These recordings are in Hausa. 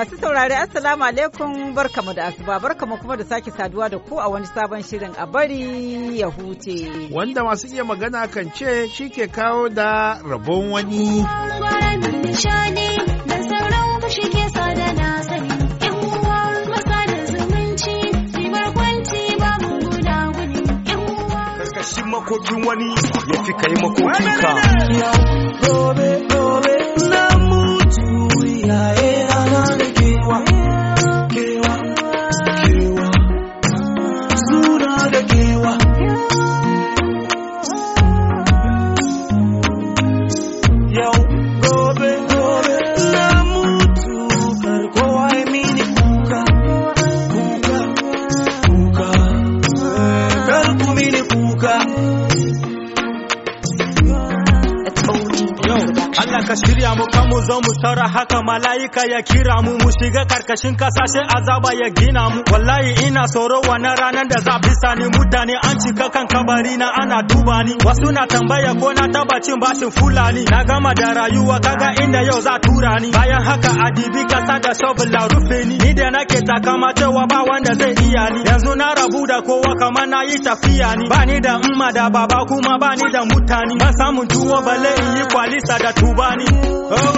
Masu saurari Assalamu alaikum barkamu da asuba barkamu kuma da sake saduwa da ku a wani sabon shirin a bari ya huce. Wanda masu iya magana kan ce shi ke kawo da rabon wani. Karkashin makokin wani ya fi kai makokin ka. Gobe gobe na mutu yaye. zo mu saura haka mala'ika ya kira mu mu shiga karkashin kasashe azaba ya gina mu wallahi ina tsoro wannan ranar da za fi sani mutane an cika kan kabari na ana duba ni wasu na tambaya ko na taba cin bashin fulani na gama da rayuwa kaga inda yau za tura ni bayan haka adibi kasa da shobula rufe ni ni da nake takama cewa ba wanda zai iya ni yanzu na rabu da kowa kamar na yi tafiya ni ba ni da umma da baba kuma ba ni da mutane ban samun tuwo balle in yi kwalisa da tubani oh.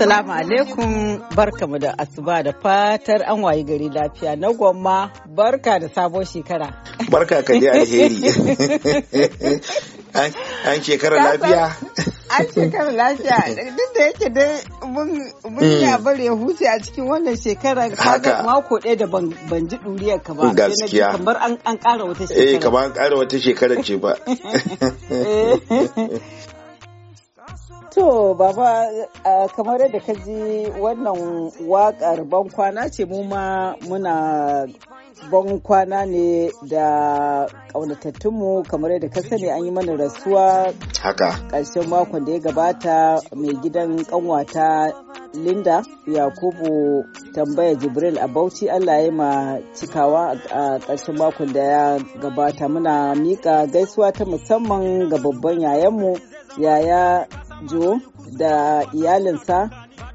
Assalamu alaikum barkamu da asuba da fatar an wayi gari lafiya na gwamma barka da sabon shekara. Barka ka je alheri. An shekara lafiya? An shekara lafiya duk da yake dai mun hmm. ya bare huce a cikin wannan shekara kaga mako ɗaya da ban ji ɗuriyar ka ba. Gaskiya. Kamar an ƙara wata eh, shekara. Eh kamar an ƙara wata shekara ce ba. Eh. To, baba, kamar yadda ka ji wannan wakar bankwana ce mu ma muna bankwana ne da ƙaunatattunmu kamar yadda ka sani an yi mana rasuwa haka ƙarshen makon da ya gabata mai gidan ƙanwata linda yakubu tambaya jibril a bauchi allah ya ma cikawa a ƙarshen makon da ya gabata muna miƙa gaisuwa ta musamman ga babban yayanmu yaya jo da iyalinsa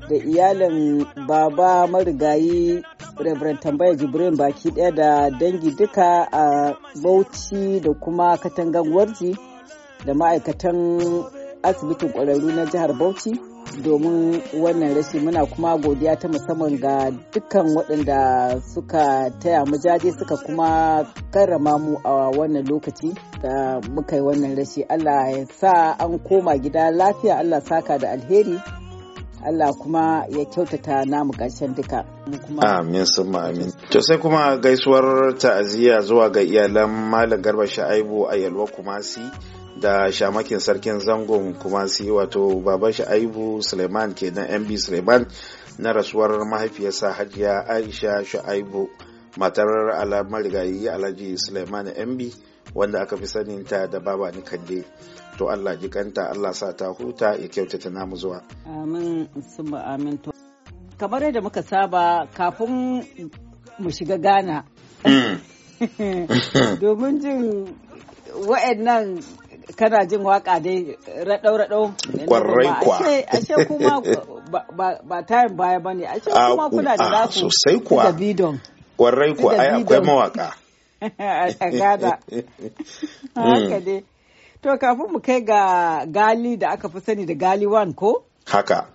da iyalin baba marigayi Reverend Tambaya Jibrin baki ɗaya da dangi duka a Bauchi da kuma Katangan Warji da ma'aikatan asibitin Kwararru na jihar Bauchi. domin wannan rashi muna kuma godiya ta musamman ga dukkan waɗanda suka taya mu jaje suka kuma karrama mu a wannan lokaci da muka yi wannan rashi allah ya sa an koma gida lafiya allah saka da alheri Allah kuma ya kyautata namu ƙarshen duka. Amin sun amin. To sai kuma gaisuwar ta'aziyya zuwa ga iyalan Malam Garba Sha'aibu a Yalwa Kumasi. da shamakin sarkin zangon kuma si wato baban shi aibu suleiman kenan mb suleiman na rasuwar mahaifiyarsa hajiya aisha shu'aibu matar alamarigayi alhaji suleiman mb wanda aka fi saninta da baba ni kalle to allah jikanta allah sa ta huta ya kyautata namu zuwa amin kamar yadda muka saba kafin mu shiga gana hmm. domin jin wa'annan kana jin waka dai raɗau-raɗau. Kwarai kwa. Ashe kuma ba tayin baya ba ne, ashe ah, kuma kuna da ah, naku. Sosai kuwa. Kwarai kwa. ai akwai mawaka. A gada. Haka hmm. dai. To kafin mu kai ga gali da aka fi sani da gali wan ko? Haka.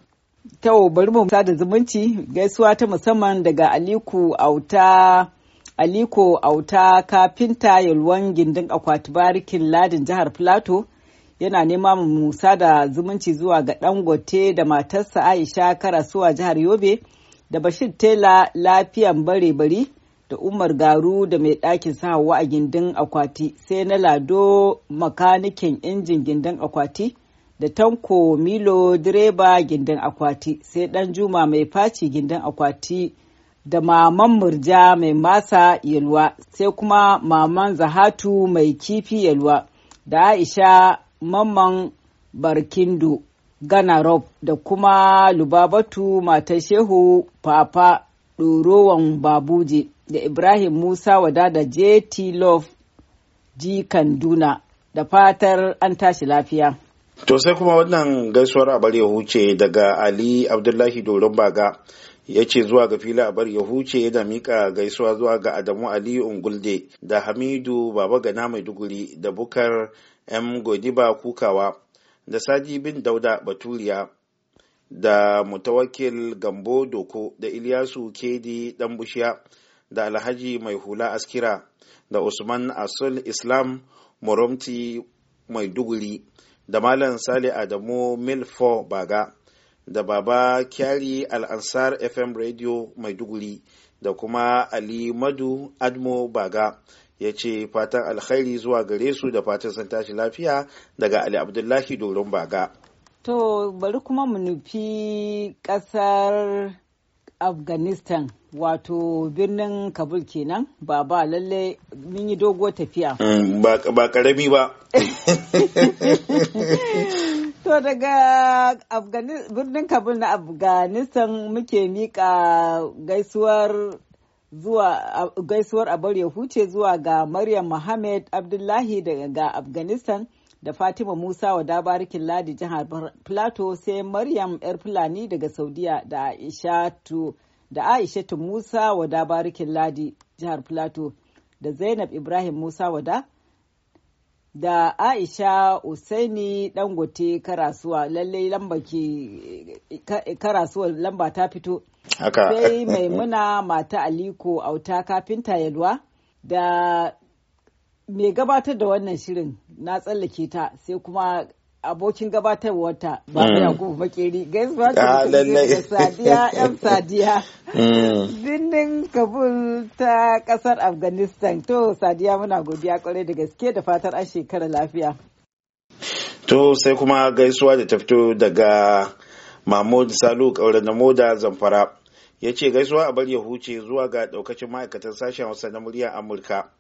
Tau bari mu da zumunci gaisuwa ta musamman daga Aliku Auta aliko auta kafinta yalwan gindin akwati barikin ladin jihar Filato yana nema musa da zumunci zuwa ga dangote da matarsa aisha karasuwa jihar yobe da bashir tela lafiyan bare bari da umar garu da mai ɗakin sahawa a gindin akwati sai na lado makanikin injin gindin akwati da tanko milo direba gindin akwati sai ɗan juma mai faci gindin akwati da maman murja mai masa yalwa sai kuma maman zahatu mai kifi yalwa da aisha mamman barkindo ganarob da kuma lubabatu matar shehu papa ɗorowan babuje da ibrahim musa Wada da jt love ji kanduna da fatar an tashi lafiya to sai kuma wannan gaisuwar a ya huce daga ali abdullahi doron baga ya ce zuwa ga fili a bar ya huce yana miƙa gaisuwa zuwa ga adamu aliyu ungulde da hamidu baba gana mai duguri da bukar m godiba kukawa da sadi bin dauda baturiya da mutawakil gambo doko da iliyasu kedi dan bushiya da alhaji mai hula askira da usman asul islam moromti duguri da malam sale adamu milfo baga da baba kyari al'ansar fm radio maiduguri da kuma ali madu admo baga ya ce fatan alkhairi zuwa gare su da fatan sun tashi lafiya daga ali abdullahi doron baga to bari kuma mu nufi kasar afghanistan wato birnin kabul kenan ba ba lalle mun yi dogo tafiya mm, ba karami ba To daga birnin Kabul na Afghanistan muke mika gaisuwar zuwa gaisuwar abar ya huce zuwa ga Maryam Mohammed Abdullahi daga Afghanistan da Fatima Musa wa dabarikin Ladi jihar Plateau sai Maryam yar Fulani daga Saudiya da Aishatu da Aishatu Musa wa dabarikin Ladi jihar Plateau da Zainab Ibrahim Musa wada da Aisha Usaini Dangote karasuwa lallai lamba karasuwa lamba ta fito. Sai Maimuna mata Aliko Auta kafinta yalwa da mai gabatar da wannan shirin na tsallake ta sai kuma abokin gabatarwata ta mm. ba ya kuma makeri gaisuwa ce da ah, sadiya yan sadiya mm. birnin kabul ta kasar afghanistan to sadiya muna godiya kwarai da gaske da fatar an shekara lafiya to sai kuma gaisuwa da ta fito daga mahmud salu kauran na moda zamfara ya ce gaisuwa a bar ya huce zuwa ga daukacin ma'aikatan sashen wasa na murya amurka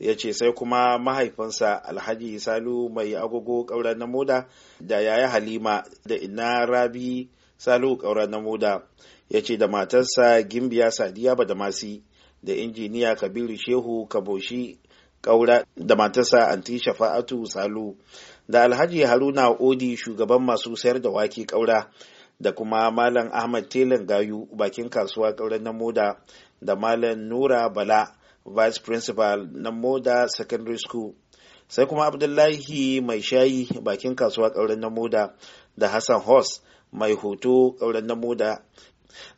ya ce sai kuma mahaifinsa alhaji salu mai agogo ƙaura na moda da yaya halima da ina rabi salu ƙaura na moda ya ce da matarsa gimbiya sadiya badamasi da injiniya kabiru shehu kaboshi ƙaura da matarsa anti shafa'atu salu da alhaji haruna odi shugaban masu sayar da wake ƙaura da kuma malam ahmad telan gayu bakin kasuwa ƙauren na moda da malam nura bala vice principal na moda secondary school sai kuma abdullahi mai shayi bakin kasuwa ƙauren na moda da hassan hos mai hoto ƙauren na moda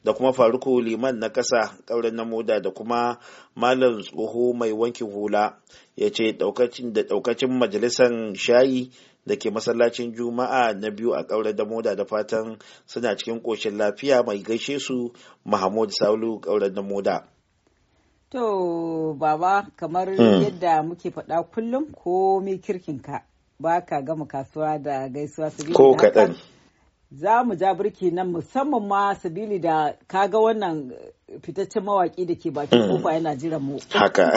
da kuma faruku liman na ƙasa ƙauren na moda da kuma malam tsoho mai wankin hula ya ce da ɗaukacin majalisar shayi da ke masallacin juma'a na biyu a ƙauren da moda da fatan suna cikin ƙoshin lafiya mai gaishe su mahmud saulu ƙauren namoda. moda To, baba, kamar hmm. yadda muke faɗa kullum ko mai kirkinka ba ka gama kasuwa da gaisuwa sabili Ko kaɗan. Za mu ja birki nan musamman ma sabili da kaga wannan fitaccen mawaƙi da ke bakin hmm. kofa yana jiran mu. Haka.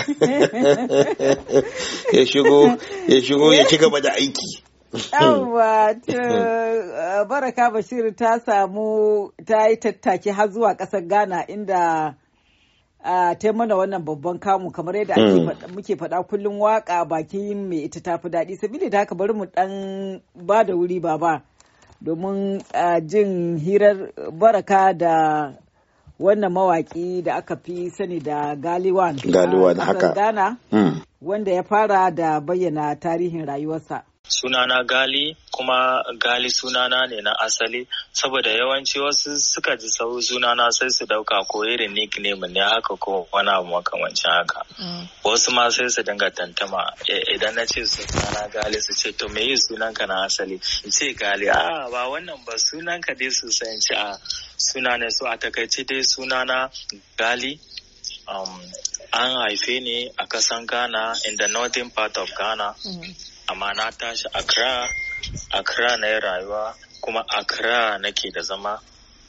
ya shigo, ya shigo, ya ci gaba da aiki. Yawwa, hmm. Baraka Bashir ta samu ta yi tattaki har zuwa ƙasar Ghana inda Uh, ta mana wannan babban kamu kamar yadda mm. muke faɗa kullum waka bakin mai ita ta fi daɗi sabili da haka bari mu ɗan ba da wuri baba domin uh, jin hirar baraka da wannan mawaƙi da aka fi sani da galiwan haka mm. wanda ya fara da bayyana tarihin rayuwarsa Sunana Gali kuma Gali sunana ne na asali saboda yawanci wasu suka ji sau sunana sai su dauka ko irin nickname ne haka ko wani abu makamancin haka. Mm. Wasu ma sai su dinga tantama e, idan na ce sunana Gali su ce to me yi sunanka na asali ce Gali a ba wannan ba sunanka dai su san ce a sunana su a takaice dai sunana Gali um, an haife ni a kasan Ghana in the northern part of Ghana. Mm. amma na tashi Accra Accra na yi rayuwa kuma akra nake da zama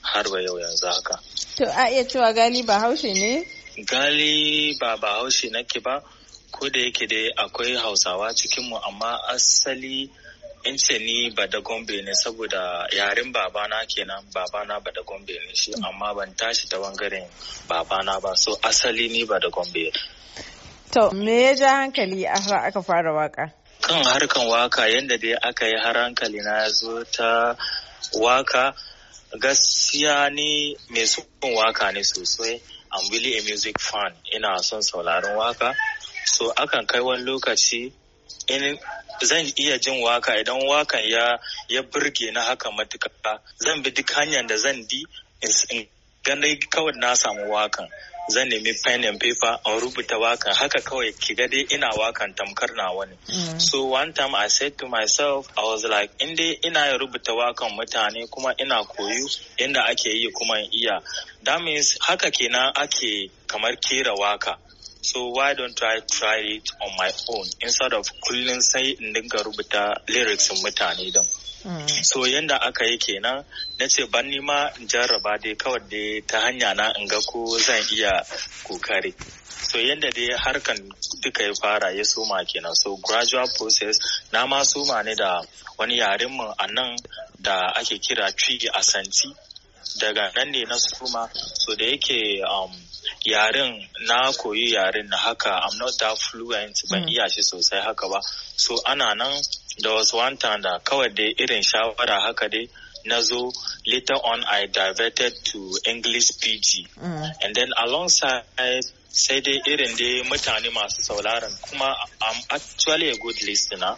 har wa yau yanzu haka to a iya cewa gali ba haushe ne gali ba ba haushe nake ba ko da yake dai akwai hausawa cikinmu amma asali in ce ni bada gombe ne saboda yaren babana kenan babana da gombe ne shi amma ban tashi ta bangaren babana ba so asali ni ba da gombe to me ya ja hankali a aka fara waka kan harkan waka yadda dai aka yi har hankali na zo ta waka gaskiya ni mai son waka ne sosai I'm really a music fan ina son sauraron waka so akan kai wani lokaci in zan iya jin waka idan wakan ya ya burge na haka matuka zan bi duk hanyar da zan bi in kawai na samu wakan zan nemi pen and paper in rubuta waka haka kawai ki ga dai ina wakan tamkar na wani mm. so one time i said to myself i was like in dai ina rubuta wakan mutane kuma ina koyu inda ake yi kuma iya that means haka kenan ake kamar kera waka so why don't I try it on my own instead of kullum sai in dinga rubuta lyrics mutane din. Mm. So yanda aka yi kenan na ce ban nima in jarraba dai kawai dai ta hanya na in ga ko zan iya kokari. So yanda dai harkan duka ya fara ya soma kenan so gradual process na ma soma ne da wani yaren mu a nan da ake kira Trigi Asanti daga nan ne na suma so da yake um, yaren na koyi yaren na haka i'm not that fluent ban mm. iya shi sosai haka ba so ana nan da wasu wanta da kawai dai irin shawara haka dai na zo later on i diverted to english pg mm. and then alongside sai dai irin dai mutane masu sauraron kuma i'm actually a good listener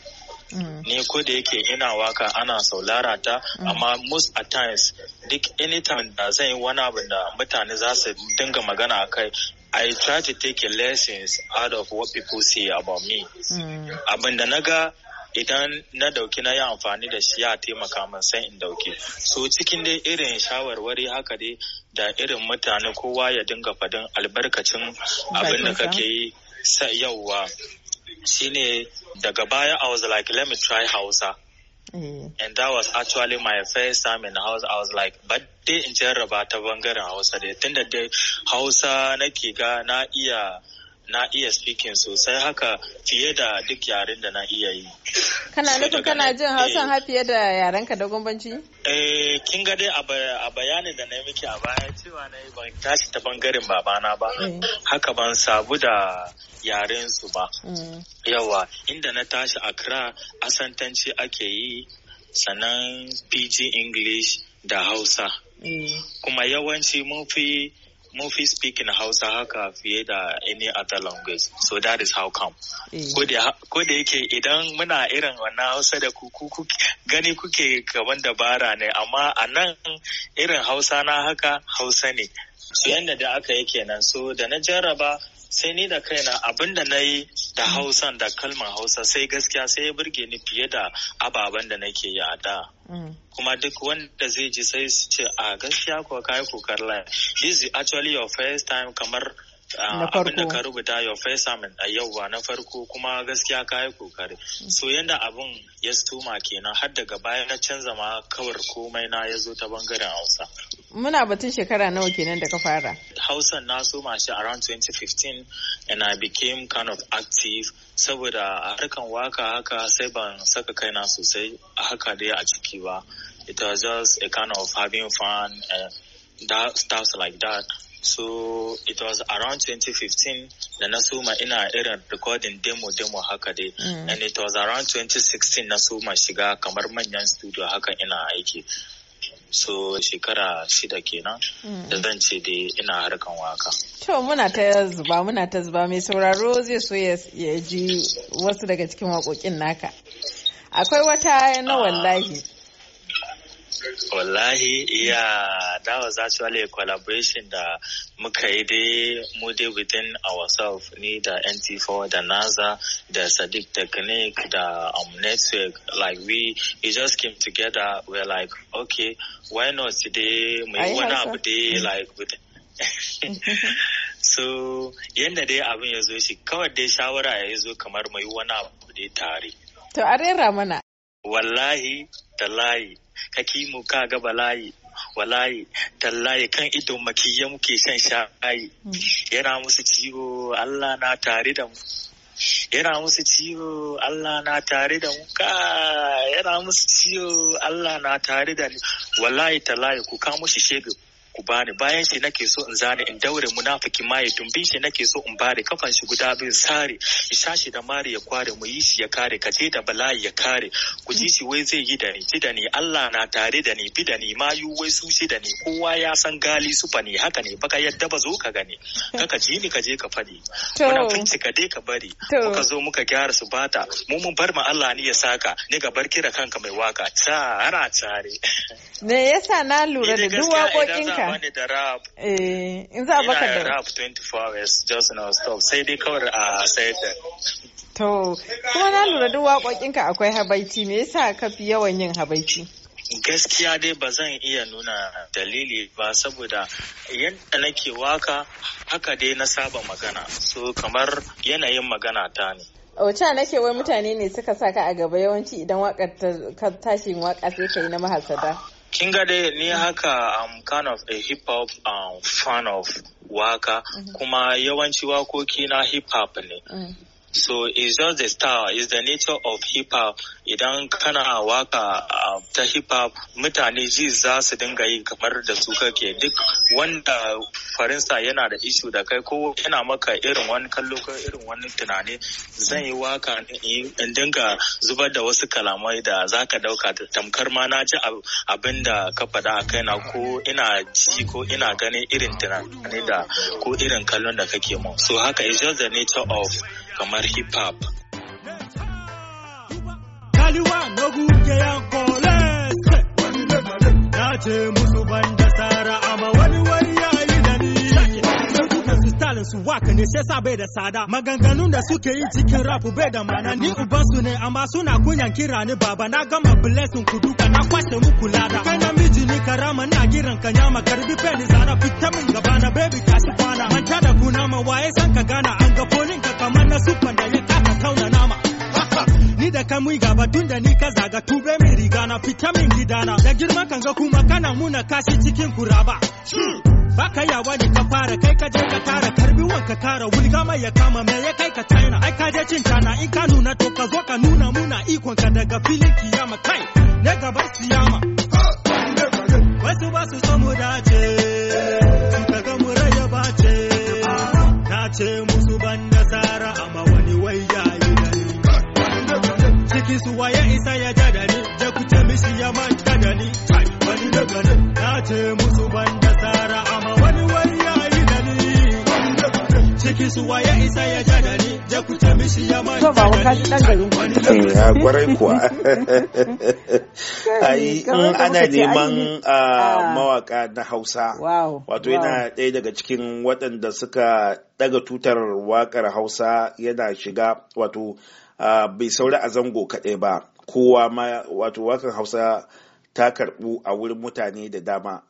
Mm. ni ko da yake ina waka ana saulara ta mm. amma most at times duk anytime da zan yi wani abu da mutane za su dinga magana a kai I try to take a lessons out of what people say about me. Mm. Abin da na ga idan na dauki na yi amfani da shi ya taimaka min sai in dauki so cikin dai irin shawarwari haka dai da irin mutane kowa ya dinga fadin albarkacin abin da kake yi yauwa shine daga baya I was like let me try Hausa mm. and that was actually my first time in Hausa I was like but dai in jarraba ta bangaren Hausa dai tunda dai Hausa nake ga na iya na iya speaking sosai haka fiye da duk yaren da na iya yi. Kana nufin kana jin Hausan ha eh. fiye da yaren ka da gumbanci? Eh, kin ga dai a bayani da na miki a baya cewa na yi ban tashi ta bangaren babana ba. Mm. Haka ban sabu da yaren su ba. Mm. Yawa, inda na tashi a Accra asantanci ake yi sanan PG English da Hausa. Eh. Kuma yawanci mun fi Mufi speak in Hausa haka fiye da any other language. So that is how come. Eh. Ko da yake idan muna irin wannan Hausa da ku gani kuke gaban dabara ne, amma a nan irin Hausa na haka Hausa ne. So yadda da aka yake nan So da na jarraba sai ni da kaina abin da na yi da hausan da kalmar hausa sai gaskiya sai ya burge ni fiye da ababen da nake yi a da mm. kuma duk wanda zai ji sai su ce a gaskiya ko yi kokar lai this is actually your first time kamar ah, abin da ka rubuta your first time a yau ba na farko kuma gaskiya ka yi kokari mm. so yanda abin ya stuma kenan har daga baya na canza ma kawar komai na ya zo ta bangaren hausa Muna batun shekara nawa kenan da ka fara? Hausa na soma shi around 2015 and I became kind of active saboda a harkan waka haka sai ban saka kaina sosai a haka dai a ciki ba. It was just a kind of having fun and that stuff like that. So it was around 2015 da na soma ina irin recording demo demo haka dai. Mm. And it was around 2016 na soma shiga kamar manyan studio haka ina aiki. so shekara shida kenan mm. da zan ce dai ina harkan waka to muna ta zuba muna ta zuba mai sauraro zai so ya ji wasu daga cikin waƙoƙin naka akwai wata na wallahi wallahi iya that was collaboration da muka yi dai mu dai within ourselves ni da nt4 da nasa da sadiq technique da um, network like we we just came together we're like okay why not today mu yi wani abu dai mm. like so yadda dai abin ya zo shi kawai dai shawara ya zo kamar mai wani abu dai tare to a rera mana wallahi da layi hakimu ka ga balayi walayi tallayi kan idon makiya muke shan sha'ayi yana musu ciwo Allah na tare da mu yana musu ciwo Allah na tare da mu ka yana musu ciwo Allah na tare da ni walayi tallayi ku ka mushi shege ku bani bayan shi nake so in zane in daure munafiki maye tumbi shi nake so in bare kafan shi guda biyu sare isha shi da mari ya kware mu yi shi ya kare kaje da bala'i ya kare ku ji shi wai zai yi da ni ji da ni Allah na tare da ni bi da ni mayu wai su shi da ni kowa ya san gali su fa ne haka ne baka yadda ba zo ka gani kaka ji ni ka je ka fadi muna ka dai ka bari muka zo muka gyara su bata mu mun bar ma Allah ni ya saka ni ga bar kira kanka mai waka ara tare. me yasa na lura da duk waƙoƙinka da rap eh, in za a baka da rap 24 hours just no stop sai dai kawai a sai da to kuma na lura duk waƙoƙinka akwai habaici me yasa ka fi yawan yin habaici gaskiya dai ba zan iya nuna dalili ba saboda yadda nake waka haka dai na saba magana so kamar yanayin magana ta ne Ocha nake wai mutane ne suka saka a gaba yawanci idan wakar tashin waka sai ka yi na mahasada. kin ga dai ni mm. haka I'm kind of a hip hop um, fan of waka mm kuma yawanci wakoki na hip hop ne. Mm. So it's just the style, it's the nature of hip hop. Idan kana waka uh, ta hip hop mutane ji za su dinga yi kamar da su kake duk wanda faransa yana da isu da kai ko yana maka irin wani kallo ko irin wani tunani zan yi waka in dinga zubar da wasu kalamai da za ka da tamkar ma na ji abin da ka faɗa a kai na ko ina ji ko ina ganin irin tunani da ko irin kallon da kake mu. So haka is just the nature of kamar hip hop. Na ce musu ban da tsara amma wani wani da ni. misalin su waka ne sai sa bai da tsada maganganun da suke yi cikin rap bai da mana ni uban su ne amma suna kunyan kira ni baba na gama blessing ku duka na kwashe muku lada kai miji ni karama na giran ka nyama garbi pen zana fita min gaba na baby kashi kwana manta da kuna ma waye san ka gana an ga folin kamar na sufan da ya kaka tauna nama ni da ka mui gaba tun da ni ka zaga tube min riga na fita min gidana da girma kan ga kuma kana muna kashi cikin kuraba hmm, baka yawa ne ka fara kai ka je ka tara karbi wanka tara wulga mai ya kama mai ya kai ka china ai ka je cin tana in ka nuna to ka zo ka nuna muna ikon ka daga filin kiyama kai ne gaba siyama wasu ba su mu dace wa ya isa ya ni ku mishi ya ma ta ba wa dan garin eh, ana neman ah, ah. mawaka na Hausa wato yana ɗaya daga cikin waɗanda suka daga tutar wakar Hausa yana shiga wato ah, bai saura a zango kaɗai ba kowa ma wato wakar Hausa ta karɓu a wurin mutane da dama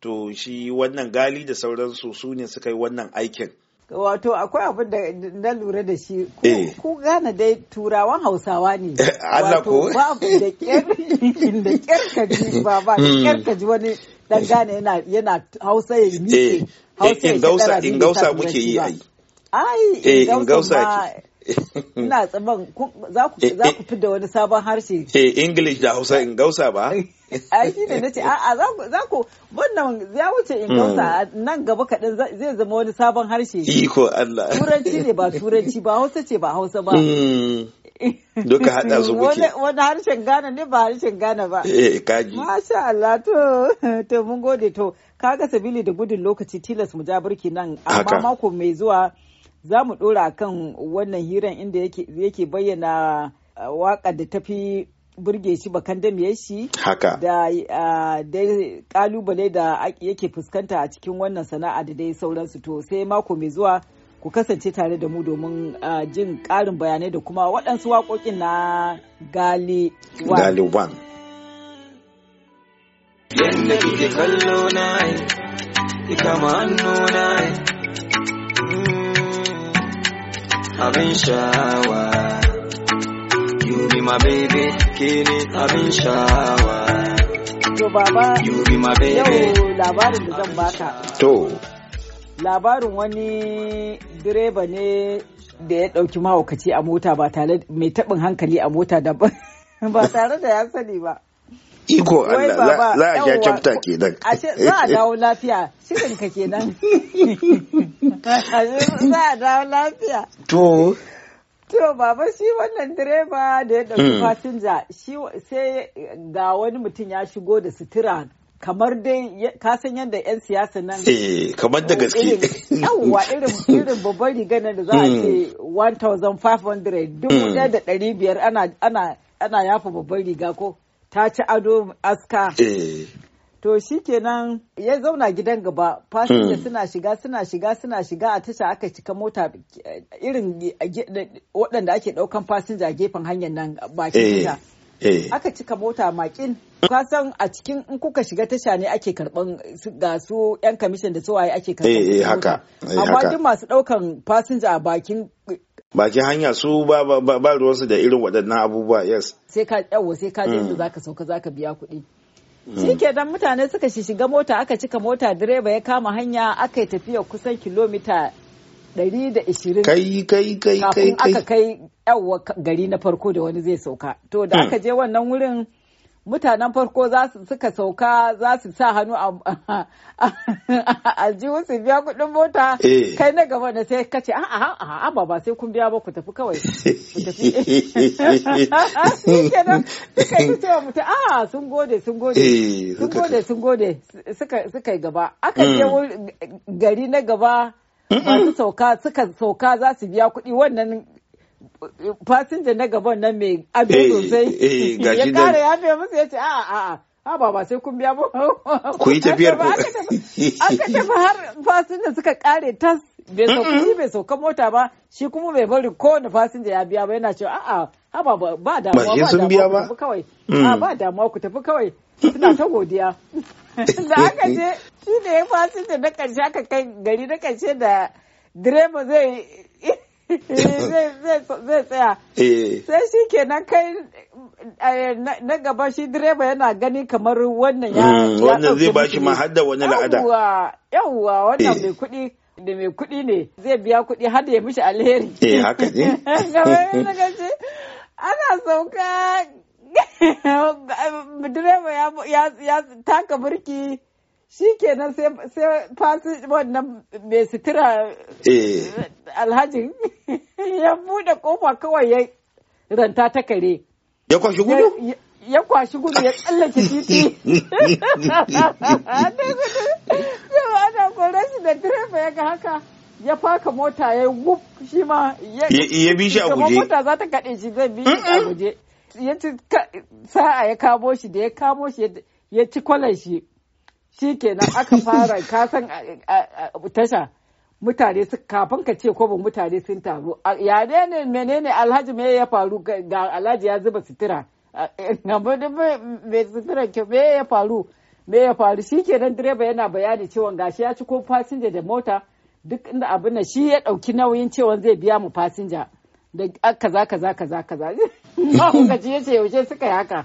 to shi wannan gali da sauransu su ne suka yi wannan aikin wato akwai abin da na lura da shi ku eh. gane dai turawan hausawa ne wato babu da kyar hmm. ba ba da kyar hmm. kaji wani dan gane yana hausa ya nike. Eh. hausa ya in gausa muke yi ai ai in eh, gausa ina tsaban za ku fi da wani sabon harshe eh, eh english da hausa in gausa ba a shi ne na ce a'a za ku wannan ya wuce in gausa hmm. nan gaba kaɗan zai zama wani sabon harshe iko allah turanci ne ba turanci ba hausa ce ba hausa ba hmm. duka haɗa su muke wani harshen gana ne ba harshen gana ba eh kaji masha allah to to mun gode to kaga sabili da gudun lokaci tilas mu ja birki nan amma mako mai zuwa za mu ɗora kan wannan hiran inda yake bayyana waƙar da tafi fi burge shi bakan ya shi haka da dai kalubale da yake fuskanta a cikin wannan sana'a da dai sauransu to sai mako mai zuwa ku kasance tare da mu domin jin ƙarin bayanai da kuma waɗansu waƙoƙin na gali wan yanda kike kallo na ai kama hannu na ai abin shawa you be my baby kini abin shawa to baba you be my baby yau labarin da zan baka to labarin wani direba ne da ya ɗauki mahaukaci a mota ba tare mai taɓin hankali a mota da ba tare da ya sani ba. Iko Allah za a sha kyauta kenan. Za a dawo lafiya shirin ka kenan. Za a dawo lafiya. To. To baba shi wannan direba da ya ɗauki hmm. fasinja shi sai ga wani mutum ya shigo da sutura kamar dai ka san yadda 'yan siyasa nan eh kamar da eh, gaske yawwa irin irin babban riga nan da za a hmm. ce 1500 duk hmm. da ɗari biyar ana ana ana yafa babban riga ko ta ci ado aska eh. To shi kenan ya zauna gidan gaba fasinja hmm. suna shiga suna shiga suna shiga a tasha aka cika mota eh, irin eh, waɗanda ake ɗaukan fasinja a gefen hanyar nan bakin eh, tasha. Aka cika mota makin kasan a cikin in kuka shiga tasha ne ake karban ga su yan kamishin da tsawaye ake karban. haka. Amma duk masu ɗaukan fasinja a bakin bakin hanya su ba ba ruwansu da irin waɗannan abubuwa yes. Sai ka yawo sai ka je hmm. za ka sauka zaka ka biya kuɗi. Mm. shi kenan mutane suka shiga mota aka cika mota direba ya kama hanya aka yi tafiya kusan kilomita 120 kai kai kai kai aka kai yawa gari na farko da wani zai sauka to da mm. aka je wannan wurin mutanen farko za su suka sauka za su sa hannu a jiwu su biya kuɗin mota eh. kai na gaba na sai kace a a a ba ba sai kun biya ba ku tafi kawai ku tafi kenan suka yi cewa mutum a sun gode sun gode eh, sun gode sun gode suka yi gaba aka je mm. gari na gaba masu sauka suka sauka za su biya kuɗi wannan fasinja na gaban nan mai abin eh, sosai eh, eh, ya kare ya fiye musu ya ce a a a ba ba sai kun biya ba ku yi tafiyar ku aka tafi har fasinja suka kare tas bai sauka bai sauka mota ba shi kuma bai bari kowane fasinja ya biya ba yana cewa a'a a ba ba damuwa ba damuwa ku tafi kawai mm. a ba damuwa ku tafi kawai suna ta godiya da aka je shi ne fasinja na karshe aka kai gari na karshe da direba zai zai tsaya sai shi ke na kai na gaba shi direba yana gani kamar wannan ya wannan zai ba shi ma wani la'ada yawwa wannan mai kuɗi da mai kuɗi ne zai biya kuɗi har ya mishi alheri eh haka ne ana sauka direba ya taka birki shi kenan sai fasi wannan mai sutura eh. alhajin ya bude kofa kawai ya ranta ta kare ya kwashi gudu ya kwashi gudu ya tsallake titi yau ana kore shi da direba ya ga haka ya faka mota ya yi wuf shi ma ya bi shi a guje mota za ta kaɗe shi zai bi shi a guje ya ci sa'a ya kamo shi da ya kamo shi ya ci kwalan shi shi kenan aka fara kasan tasha mutane su kafin ka ce kwabin mutane sun taru ya ne menene alhaji me ya faru ga alhaji ya zuba sutura eh, mai sutura ke me ya faru me ya faru shi kenan direba yana bayani cewa gashi ya ci ko fasinja da mota duk inda abin shi ya ɗauki nauyin cewa zai biya mu fasinja da kaza kaza kaza kaza ma ya ce yaushe suka yi haka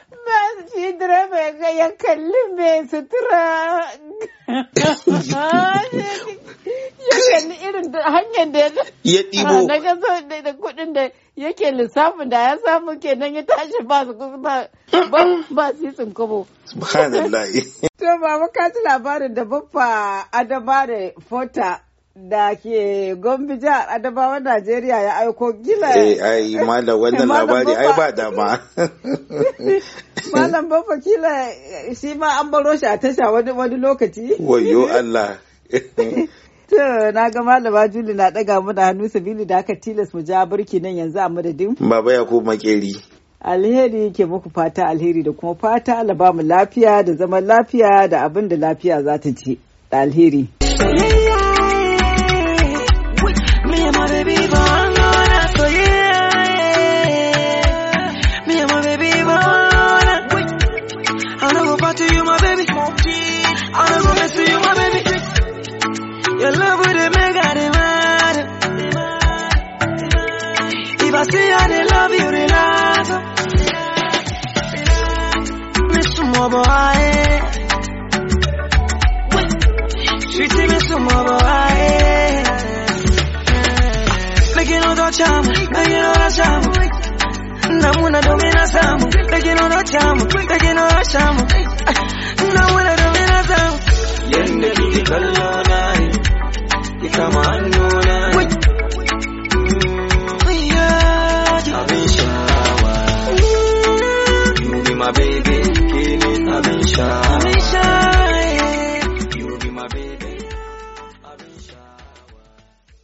ba shi direba ga ya kalli mai sutura ah, ya kalli irin hanyar da ya ɗibo ah, na gaso da kuɗin da yake lissafin da ya samu kenan ya tashi ba su ba ba su kobo subhanallah to baba ka ji labarin da baffa adabare fota da ke gombe jihar Adabawa najeriya ya aiko gila eh ai mala wannan labari ai ba dama Malam Baffa kila eh, shi ma an baro shi a tasha wani wani lokaci. Wayo Allah. To na ga malama Juli na ɗaga muna hannu sabili da aka tilas mu ja birki nan yanzu a madadin. Baba ya ko makeri. Alheri ke muku fata alheri da kuma fata Allah ba lafiya da zaman lafiya da abin da lafiya za ta ci. Da alheri.